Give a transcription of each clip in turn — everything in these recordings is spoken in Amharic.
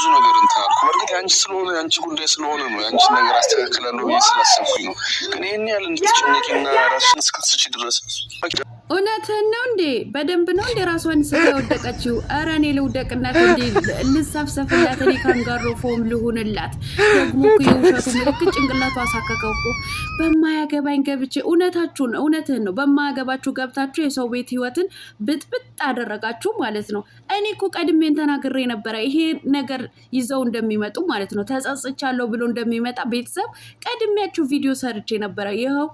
ብዙ ነገር እንትን በእርግጥ ያንቺ ስለሆነ ያንቺ ጉዳይ ስለሆነ ነው ያንቺን ነገር አስተካክላለሁ ብዬ ስላሰብኩኝ ነው። ግን ይህን ያህል እንድትጨነቂና ራስሽን እስክትስች ድረስ እውነትህን ነው እንዴ? በደንብ ነው እንዴ ራሷን ስታ ወደቀችው? ኧረ እኔ ልውደቅነት እንዴ ልሳፍሰፍላት፣ እኔ ካንጋሮ ፎም ልሁንላት። ደግሞ የውሸቱ ምልክት ጭንቅላቱ አሳከከው እኮ በማያገባኝ ገብቼ። እውነታችሁን እውነትህን ነው። በማያገባችሁ ገብታችሁ የሰው ቤት ህይወትን ብጥብጥ አደረጋችሁ ማለት ነው። እኔ እኮ ቀድሜን ተናግሬ ነበረ፣ ይሄ ነገር ይዘው እንደሚመጡ ማለት ነው። ተጸጽቻለሁ ብሎ እንደሚመጣ ቤተሰብ ቀድሜያችሁ ቪዲዮ ሰርቼ ነበረ። ይኸው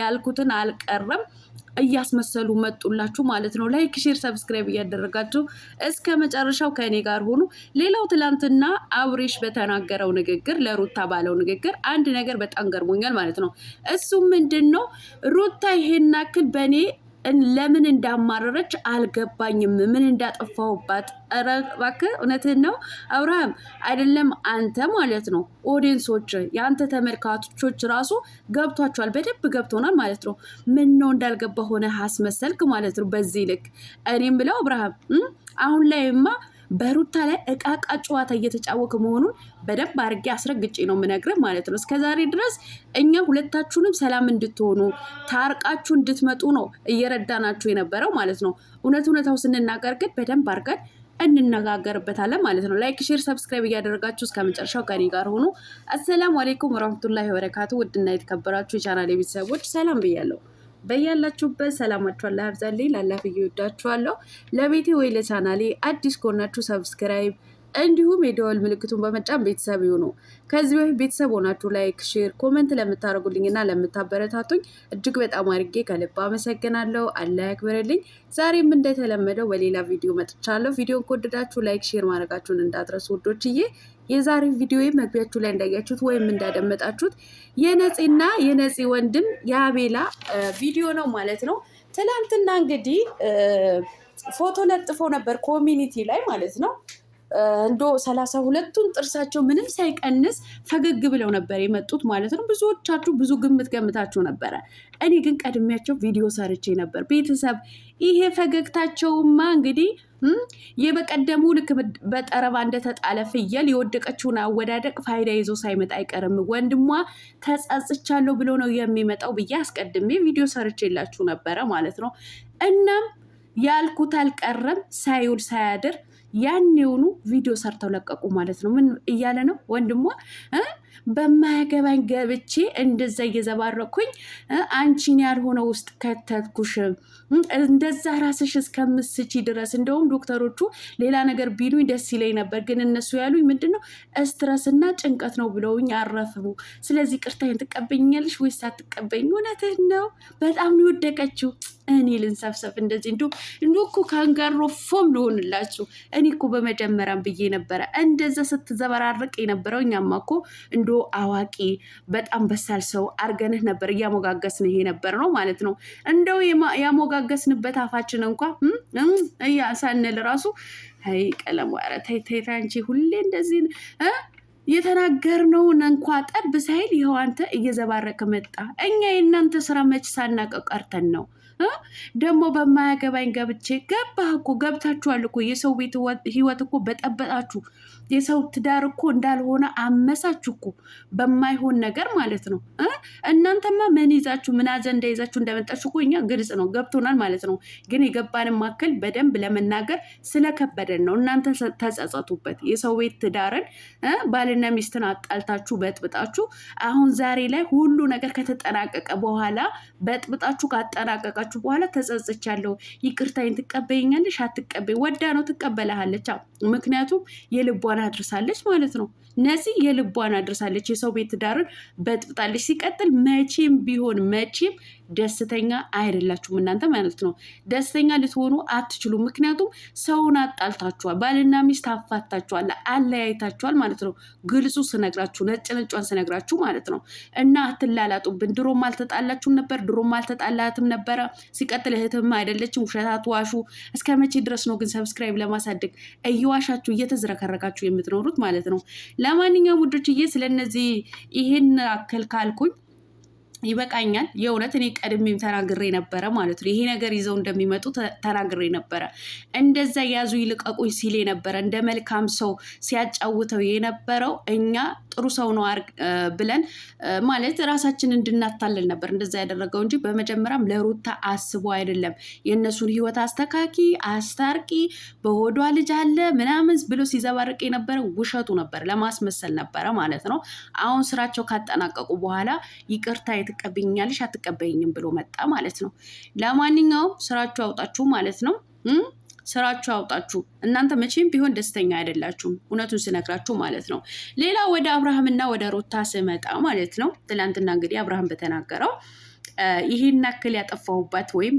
ያልኩትን አልቀረም እያስመሰሉ መጡላችሁ ማለት ነው። ላይክ፣ ሼር፣ ሰብስክራይብ እያደረጋችሁ እስከ መጨረሻው ከእኔ ጋር ሆኑ። ሌላው ትላንትና አብሬሽ በተናገረው ንግግር፣ ለሩታ ባለው ንግግር አንድ ነገር በጣም ገርሞኛል ማለት ነው። እሱም ምንድን ነው ሩታ ይሄን ያክል በእኔ ለምን እንዳማረረች አልገባኝም። ምን እንዳጠፋሁባት? ኧረ እባክህ እውነትህን ነው አብርሃም፣ አይደለም አንተ ማለት ነው ኦዲየንሶች፣ የአንተ ተመልካቾች ራሱ ገብቷቸዋል፣ በደንብ ገብቶናል ማለት ነው። ምን ነው እንዳልገባ ሆነ አስመሰልክ ማለት ነው። በዚህ ልክ እኔም ብለው አብርሃም አሁን ላይማ በሩታ ላይ እቃቃ ጨዋታ እየተጫወክ መሆኑን በደንብ አድርጌ አስረግጬ ነው የምነግርህ ማለት ነው። እስከዛሬ ድረስ እኛ ሁለታችሁንም ሰላም እንድትሆኑ ታርቃችሁ እንድትመጡ ነው እየረዳናችሁ የነበረው ማለት ነው። እውነት እውነታው ስንናገር ግን በደንብ አድርገን እንነጋገርበታለን ማለት ነው። ላይክ፣ ሼር፣ ሰብስክራይብ እያደረጋችሁ እስከ መጨረሻው ከኔ ጋር ሆኑ። አሰላሙ አሌይኩም ወረህመቱላሂ ወበረካቱ። ውድና የተከበራችሁ የቻናል የቤተሰቦች ሰላም ብያለሁ። በያላችሁበት ሰላማችሁ አላህ ያብዛልኝ። ላላፍዬ ወዳችኋለሁ። ለቤቴ ወይ ለቻናሌ አዲስ ከሆናችሁ ሰብስክራይብ እንዲሁም የደወል ምልክቱን በመጫን ቤተሰብ ይሁኑ። ከዚህ በፊት ቤተሰብ ሆናችሁ ላይክ፣ ሼር፣ ኮመንት እና ለምታበረታቱኝ እጅግ በጣም አድርጌ ከልብ አመሰግናለሁ። አላህ ያክብርልኝ። ዛሬም እንደተለመደው በሌላ ቪዲዮ መጥቻለሁ። ቪዲዮን ከወደዳችሁ ላይክ፣ ሼር ማድረጋችሁን እንዳትረሱ ውዶችዬ። የዛሬ ቪዲዮ መግቢያችሁ ላይ እንዳያችሁት ወይም እንዳደመጣችሁት የነፂና የነፂ ወንድም የአቤላ ቪዲዮ ነው ማለት ነው። ትናንትና እንግዲህ ፎቶ ለጥፎ ነበር ኮሚኒቲ ላይ ማለት ነው እንዶ ሰላሳ ሁለቱን ጥርሳቸው ምንም ሳይቀንስ ፈገግ ብለው ነበር የመጡት ማለት ነው። ብዙዎቻችሁ ብዙ ግምት ገምታችሁ ነበረ። እኔ ግን ቀድሜያቸው ቪዲዮ ሰርቼ ነበር። ቤተሰብ ይሄ ፈገግታቸውማ እንግዲህ የበቀደሙ ልክ በጠረባ እንደተጣለ ፍየል የወደቀችውን አወዳደቅ ፋይዳ ይዞ ሳይመጣ አይቀርም። ወንድሟ ተጸጽቻለሁ ብሎ ነው የሚመጣው ብዬ አስቀድሜ ቪዲዮ ሰርቼላችሁ ነበረ ማለት ነው። እናም ያልኩት አልቀረም ሳይውል ሳያድር ያኔውኑ ቪዲዮ ሰርተው ለቀቁ ማለት ነው። ምን እያለ ነው ወንድሟ? በማያገባኝ ገብቼ እንደዛ እየዘባረኩኝ አንቺን ያልሆነ ውስጥ ከተትኩሽ እንደዛ ራስሽ እስከምስቺ ድረስ እንደውም ዶክተሮቹ ሌላ ነገር ቢሉኝ ደስ ይለኝ ነበር፣ ግን እነሱ ያሉኝ ምንድን ነው እስትረስና ጭንቀት ነው ብለውኝ አረፍቡ። ስለዚህ ቅርታዬን ትቀበኛለሽ ወይስ አትቀበኝ? እውነትህን ነው። በጣም ነው የወደቀችው። እኔ ልንሰብሰብ እንደዚህ እንዲሁ እንዲሁ እኮ ካንጋሮ ፎም ልሆንላችሁ። እኔ እኮ በመጀመሪያም ብዬ ነበረ እንደዛ ስትዘበራርቅ የነበረው እኛማ እኮ እንዶ አዋቂ በጣም በሳል ሰው አርገንህ ነበር እያሞጋገስን ይሄ ነበር ነው ማለት ነው። እንደው ያሞጋገስንበት አፋችን እንኳ እያ ሳንል ራሱ ይ ቀለም ኧረ ተይ ተይ አንቺ ሁሌ እንደዚህ የተናገርነውን እንኳ ጠብ ሳይል ይኸው አንተ እየዘባረቀ መጣ። እኛ የእናንተ ስራ መች ሳናቀው ቀርተን ነው። ደግሞ በማያገባኝ ገብቼ ገባህ እኮ ገብታችኋል እኮ የሰው ቤት ህይወት እኮ በጠበጣችሁ። የሰው ትዳር እኮ እንዳልሆነ አመሳችሁ እኮ በማይሆን ነገር ማለት ነው። እናንተማ ምን ይዛችሁ ምን አጀንዳ ይዛችሁ እንደመጣችሁ እኮ እኛ ግልጽ ነው ገብቶናል ማለት ነው። ግን የገባንን ማከል በደንብ ለመናገር ስለከበደን ነው። እናንተ ተጸጸቱበት። የሰው ቤት ትዳርን ባልና ሚስትን አጣልታችሁ በጥብጣችሁ አሁን ዛሬ ላይ ሁሉ ነገር ከተጠናቀቀ በኋላ በጥብጣችሁ ካጠናቀቃችሁ ከተጣላችሁ በኋላ ተጸጽቻለሁ፣ ይቅርታዬን ትቀበይኛለሽ? አትቀበይ። ወዳ ነው ትቀበልሃለች። ምክንያቱም የልቧን አድርሳለች ማለት ነው። እነዚህ የልቧን አድርሳለች፣ የሰው ቤት ትዳርን በጥብጣለች። ሲቀጥል መቼም ቢሆን መቼም ደስተኛ አይደላችሁም እናንተ ማለት ነው። ደስተኛ ልትሆኑ አትችሉም። ምክንያቱም ሰውን አጣልታችኋል፣ ባልና ሚስት አፋታችኋል፣ አለያይታችኋል ማለት ነው። ግልጹ ስነግራችሁ፣ ነጭ ነጯን ስነግራችሁ ማለት ነው። እና አትላላጡብን። ድሮም አልተጣላችሁም ነበር፣ ድሮም አልተጣላትም ነበረ። ሲቀጥል እህትም አይደለችም። ውሸት አትዋሹ። እስከ መቼ ድረስ ነው ግን ሰብስክራይብ ለማሳደግ እየዋሻችሁ እየተዝረከረካችሁ የምትኖሩት ማለት ነው? ለማንኛውም ውዶችዬ ስለነዚህ ይህን አክል ካልኩኝ ይበቃኛል የእውነት እኔ ቀድሜም ተናግሬ ነበረ ማለት ነው። ይሄ ነገር ይዘው እንደሚመጡ ተናግሬ ነበረ። እንደዛ ያዙ ይልቀቁኝ ሲል የነበረ እንደ መልካም ሰው ሲያጫውተው የነበረው እኛ ጥሩ ሰው ነው ብለን ማለት ራሳችን እንድናታለል ነበር እንደዛ ያደረገው እንጂ በመጀመሪያም ለሩታ አስቦ አይደለም። የእነሱን ህይወት አስተካኪ አስታርቂ፣ በሆዷ ልጅ አለ ምናምን ብሎ ሲዘባርቅ የነበረ ውሸቱ ነበር፣ ለማስመሰል ነበረ ማለት ነው። አሁን ስራቸው ካጠናቀቁ በኋላ ይቅርታ ትቀበይኛለሽ አትቀበይኝም ብሎ መጣ ማለት ነው። ለማንኛውም ስራችሁ አውጣችሁ ማለት ነው። ስራችሁ አውጣችሁ። እናንተ መቼም ቢሆን ደስተኛ አይደላችሁም፣ እውነቱን ስነግራችሁ ማለት ነው። ሌላ ወደ አብርሃምና ወደ ሩታ ስመጣ ማለት ነው። ትላንትና እንግዲህ አብርሃም በተናገረው ይህን ያክል ያጠፋሁበት ወይም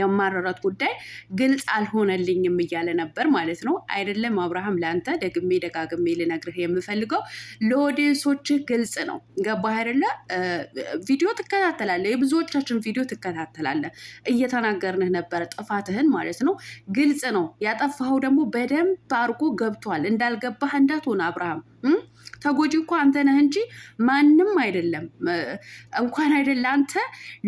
ያማረረት ጉዳይ ግልጽ አልሆነልኝም እያለ ነበር ማለት ነው። አይደለም አብርሃም፣ ለአንተ ደግሜ ደጋግሜ ልነግርህ የምፈልገው ለኦዲየንሶችህ ግልጽ ነው። ገባህ አይደለ? ቪዲዮ ትከታተላለህ፣ የብዙዎቻችን ቪዲዮ ትከታተላለህ። እየተናገርንህ ነበረ ጥፋትህን ማለት ነው። ግልጽ ነው ያጠፋኸው ደግሞ በደንብ አድርጎ ገብቷል። እንዳልገባህ እንዳትሆን አብርሃም ተጎጂ እኮ አንተ ነህ እንጂ ማንም አይደለም። እንኳን አይደለ አንተ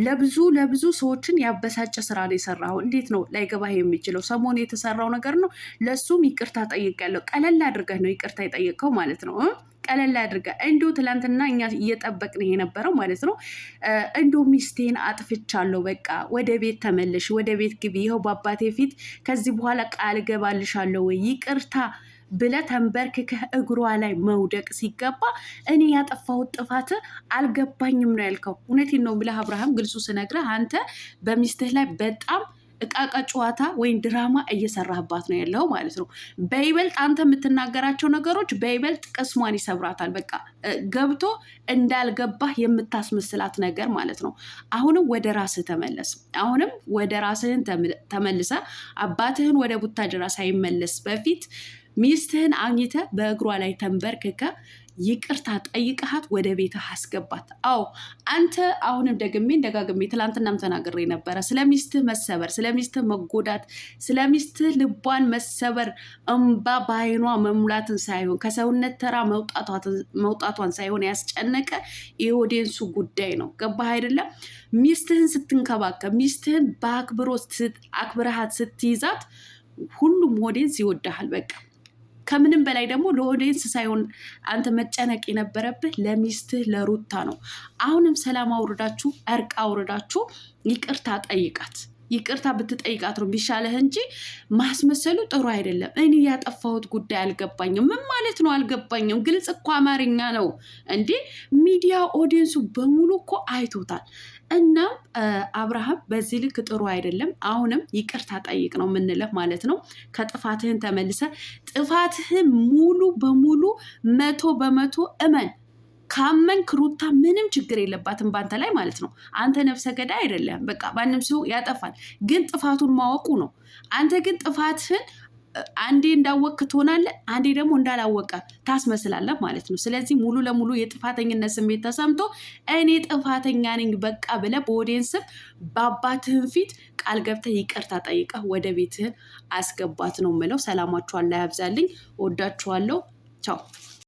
ለብዙ ለብዙ ሰዎችን ያበሳጨ ስራ ነው የሰራው። እንዴት ነው ላይገባህ የሚችለው? ሰሞኑ የተሰራው ነገር ነው። ለእሱም ይቅርታ ጠይቄያለሁ። ቀለል አድርገህ ነው ይቅርታ የጠየቀው ማለት ነው። ቀለል አድርገህ እንዲሁ ትላንትና እኛ እየጠበቅን የነበረው ማለት ነው። እንዲሁ ሚስቴን አጥፍቻለሁ፣ በቃ ወደ ቤት ተመለሽ፣ ወደ ቤት ግቢ፣ ይኸው በአባቴ ፊት ከዚህ በኋላ ቃል እገባልሻለሁ ወይ ይቅርታ ብለ ተንበርክከህ እግሯ ላይ መውደቅ ሲገባ እኔ ያጠፋሁት ጥፋት አልገባኝም ነው ያልከው። እውነቴን ነው ብለህ አብርሃም ግልጹ ስነግረህ አንተ በሚስትህ ላይ በጣም እቃቃ ጨዋታ ወይም ድራማ እየሰራህባት ነው ያለው ማለት ነው። በይበልጥ አንተ የምትናገራቸው ነገሮች በይበልጥ ቅስሟን ይሰብራታል። በቃ ገብቶ እንዳልገባህ የምታስመስላት ነገር ማለት ነው። አሁንም ወደ ራስህ ተመለስ። አሁንም ወደ ራስህን ተመልሰ አባትህን ወደ ቡታጅራ ሳይመለስ በፊት ሚስትህን አግኝተ በእግሯ ላይ ተንበርክከ ይቅርታ ጠይቀሃት ወደ ቤትህ አስገባት። አዎ አንተ አሁንም ደግሜ ደጋግሜ ትላንትናም ተናግሬ ነበረ። ስለ ሚስትህ መሰበር፣ ስለ ሚስትህ መጎዳት፣ ስለ ሚስትህ ልቧን መሰበር እምባ በዓይኗ መሙላትን ሳይሆን ከሰውነት ተራ መውጣቷን ሳይሆን ያስጨነቀ የኦዲየንሱ ጉዳይ ነው። ገባህ አይደለም? ሚስትህን ስትንከባከብ፣ ሚስትህን በአክብሮ አክብረሃት ስትይዛት ሁሉም ኦዲየንስ ይወዳሃል። በቃ ከምንም በላይ ደግሞ ለኦዲየንስ ሳይሆን አንተ መጨነቅ የነበረብህ ለሚስትህ ለሩታ ነው። አሁንም ሰላም አውርዳችሁ እርቅ አውርዳችሁ ይቅርታ ጠይቃት። ይቅርታ ብትጠይቃት ነው ቢሻለህ እንጂ ማስመሰሉ ጥሩ አይደለም። እኔ ያጠፋሁት ጉዳይ አልገባኝም። ምን ማለት ነው አልገባኝም? ግልጽ እኮ አማርኛ ነው እንዴ! ሚዲያ ኦዲየንሱ በሙሉ እኮ አይቶታል። እና አብርሃም በዚህ ልክ ጥሩ አይደለም። አሁንም ይቅርታ ጠይቅ ነው የምንለህ ማለት ነው። ከጥፋትህን ተመልሰ ጥፋትህን ሙሉ በሙሉ መቶ በመቶ እመን ካመን ክሩታ ምንም ችግር የለባትም በአንተ ላይ ማለት ነው። አንተ ነፍሰ ገዳይ አይደለም። በቃ ማንም ሰው ያጠፋል፣ ግን ጥፋቱን ማወቁ ነው። አንተ ግን ጥፋትህን አንዴ እንዳወቅክ ትሆናለህ፣ አንዴ ደግሞ እንዳላወቀ ታስመስላለህ ማለት ነው። ስለዚህ ሙሉ ለሙሉ የጥፋተኝነት ስሜት ተሰምቶ እኔ ጥፋተኛ ነኝ በቃ በወዴን በኦዲየንስ በአባትህን ፊት ቃል ገብተህ ይቅርታ ጠይቀህ ወደ ቤትህን አስገባት ነው ምለው። ሰላማችኋን ላይ ያብዛልኝ። ወዳችኋለሁ። ቻው